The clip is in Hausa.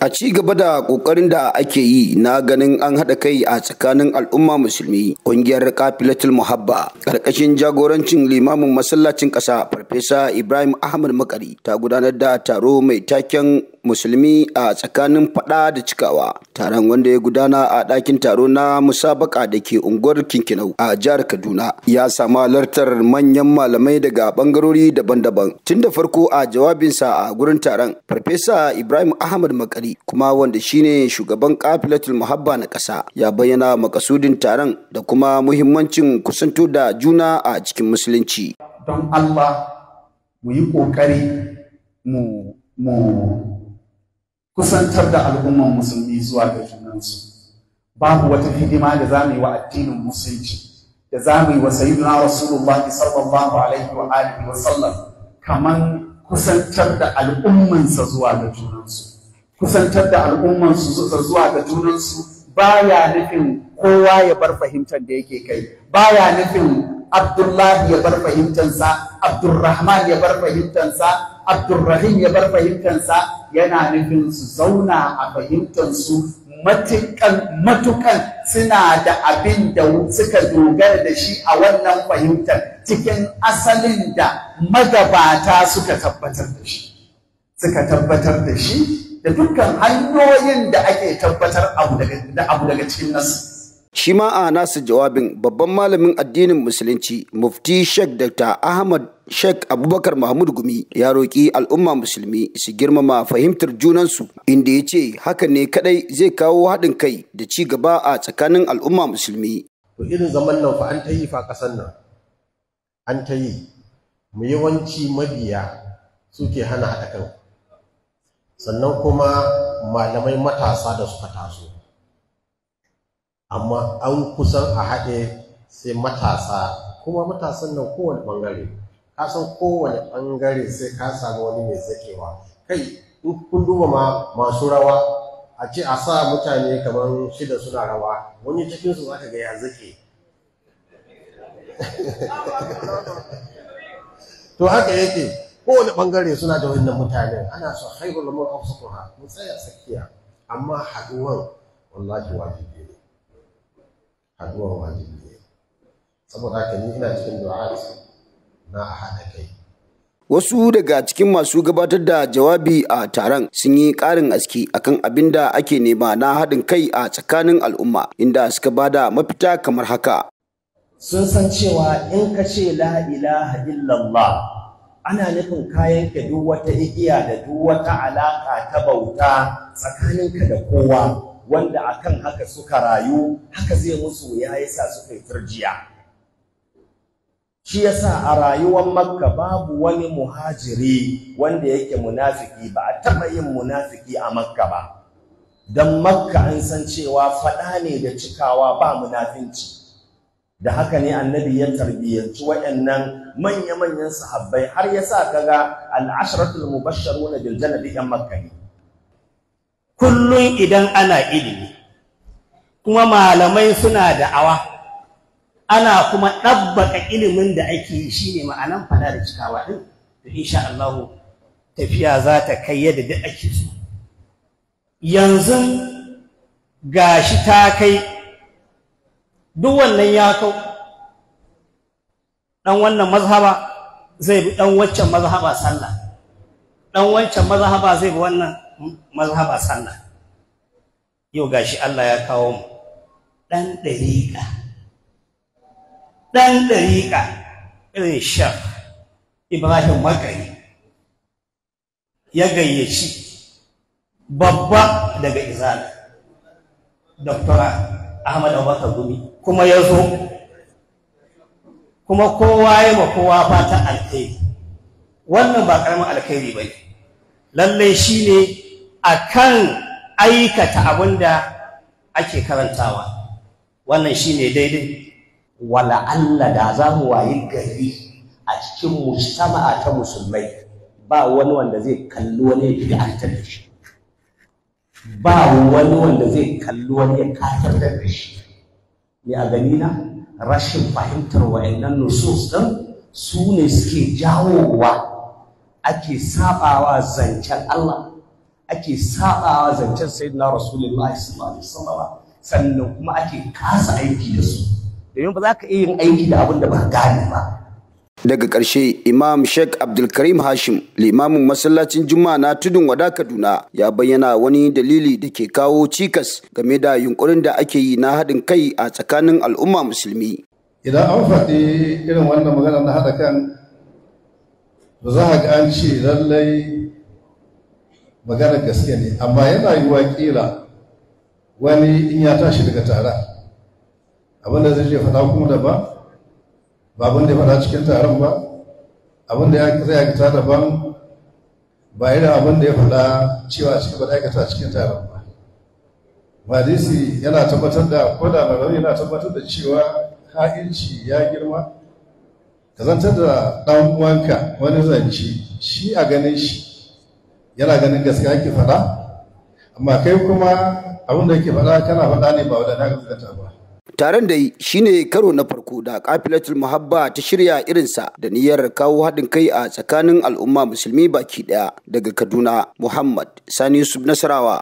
A ci gaba da ƙoƙarin da ake yi na ganin an haɗa kai a tsakanin al'umma musulmi, ƙungiyar Kafilatul Muhabba, ƙarƙashin jagorancin limamin masallacin ƙasa Farfesa Ibrahim Ahmad Makari ta gudanar da taro mai taken musulmi a tsakanin fada da cikawa taron wanda ya gudana a ɗakin taro na musabaka da ke unguwar kinkinau a jihar kaduna ya samu halartar manyan malamai daga bangarori daban-daban tun da farko a jawabinsa a gurin taron farfesa ibrahim ahmad makari kuma wanda shine shugaban kafilatul muhabba na ƙasa ya bayyana makasudin taron da kuma muhimmancin kusanto da juna a cikin musulunci don allah mu yi ƙoƙari mu kusantar da al'umman musulmi zuwa ga junansu babu wata hidima da za mu yi wa addinin musulunci da za mu yi wa sayyidina rasulullah sallallahu alaihi wa alihi wa sallam kaman kusantar da al'ummansa zuwa ga junansu kusantar da al'ummansu zuwa ga junansu baya nufin kowa ya bar fahimtar da yake kai baya nufin abdullahi ya bar fahimtansa Abdullahi ya bar fahimtansa abdurrahim ya bar fahimtansa yana nufin su zauna a fahimtansu matukan matukan suna da abin da suka dogara da shi a wannan fahimtar cikin asalin da magabata suka tabbatar da shi suka tabbatar da shi da dukkan hanyoyin da ake tabbatar abu daga cikin nasu shi ma a nasa jawabin babban malamin addinin musulunci mufti sheikh dr ahmad sheikh abubakar mahmud gumi ya roƙi al'umma musulmi su girmama fahimtar junansu inda ya ce haka ne kadai zai kawo haɗin kai da ci gaba a tsakanin al'umma musulmi to irin zaman nan fa an ta yi fa ƙasar nan an ta yi mu yawanci mabiya suke hana haɗa kan sannan kuma malamai matasa da suka taso amma an kusan a haɗe sai matasa kuma matasan nan kowane ɓangare ka san kowane ɓangare sai ka samu wani mai zakewa kai in kun duba ma masu rawa a ce a sa mutane kamar shida suna rawa wani cikinsu su zaka ga ya zake to haka yake kowane bangare suna da wannan mutanen ana so haibul kuma mu tsaya tsakiya amma haduwan wallahi wajibi ne saboda ka ni ina cikin du'a na haɗa kai Wasu daga cikin masu gabatar da jawabi a taron sun yi ƙarin aski akan abin da ake nema na haɗin kai a tsakanin al'umma inda suka bada mafita kamar haka. Sun san cewa in ka ce la ilaha illallah ana nufin kayan ka duk wata igiya da duk wata alaƙa ta bauta tsakaninka da kowa. wanda akan haka suka rayu haka zai musu ya yasa suka yi turjiya shi yasa a rayuwar makka babu wani muhajiri wanda yake munafiki ba a taɓa yin munafiki a makka ba don makka an san cewa faɗa ne da cikawa ba munafinci da haka ne annabi ya tarbiyyanci waɗannan manya-manyan sahabbai har yasa sa kaga al-ashratul mubashsharuna bil jannati yan makka ne kullum idan ana ilimi kuma malamai suna da'awa ana kuma ɗabbaka ilimin da ake yi shi ne ma'anan fada da cikawa ɗin to insha Allah tafiya za ta kai yadda duk ake so yanzu gashi ta kai duk wannan ya kau Ɗan wannan mazhaba zai bi ɗan waccan mazhaba sallah ɗan wancan mazhaba zai bi wannan mazhaba sanna yau gashi Allah ya kawo mu ɗan ɗariƙa ɗan ɗariƙa irin shaf Ibrahim Makari ya gayyaci babba daga izal Dr. Ahmad Abubakar Gumi kuma ya zo kuma kowa ya ma kowa fata alkhairi wannan ba karamin alkhairi ba ne lallai shi ne akan aikata abin da ake karantawa wannan shine daidai wala Allah da za mu wayi gari a cikin mujtama'a ta musulmai ba wani wanda zai kalli wani ya bid'antar da shi ba wani wanda zai kalli wani ya da shi ni a gani na rashin fahimtar wa'annan nusus din su ne suke jawowa ake sabawa zancen Allah ake sabawa zancen sayyidina rasulullahi sallallahu alaihi ba, sannan kuma ake kasa aiki da su domin ba za ka iya yin aiki da abin da ba gane ba daga ƙarshe imam sheikh abdulkarim hashim limamin masallacin juma'a na tudun wada kaduna ya bayyana wani dalili da ke kawo cikas game da yunkurin da ake yi na haɗin kai a tsakanin al'umma musulmi idan an faɗi irin wannan magana na haɗa kan ba za a ga an ce lallai magana gaske ne amma yana yiwuwa kila wani in ya tashi daga tara abin da zai je faɗa kuma da ba ba abin da ya faɗa cikin taron ba abin da zai aikata daban ba irin abin da ya faɗa cewa cikin ba aikata cikin taron ba madisi yana tabbatar da ko da mai yana tabbatar da cewa ha'inci ya girma ka zantar da ɗan uwanka wani zance shi a ganin shi yana ganin gaskiya ake faɗa amma kai kuma abin da yake faɗa kana faɗa ne ba wadana gaskata ba taron da shine karo na farko da kafilatul muhabba ta shirya irinsa da niyyar kawo haɗin kai a tsakanin al'umma musulmi baki ɗaya daga kaduna muhammad sani yusuf nasarawa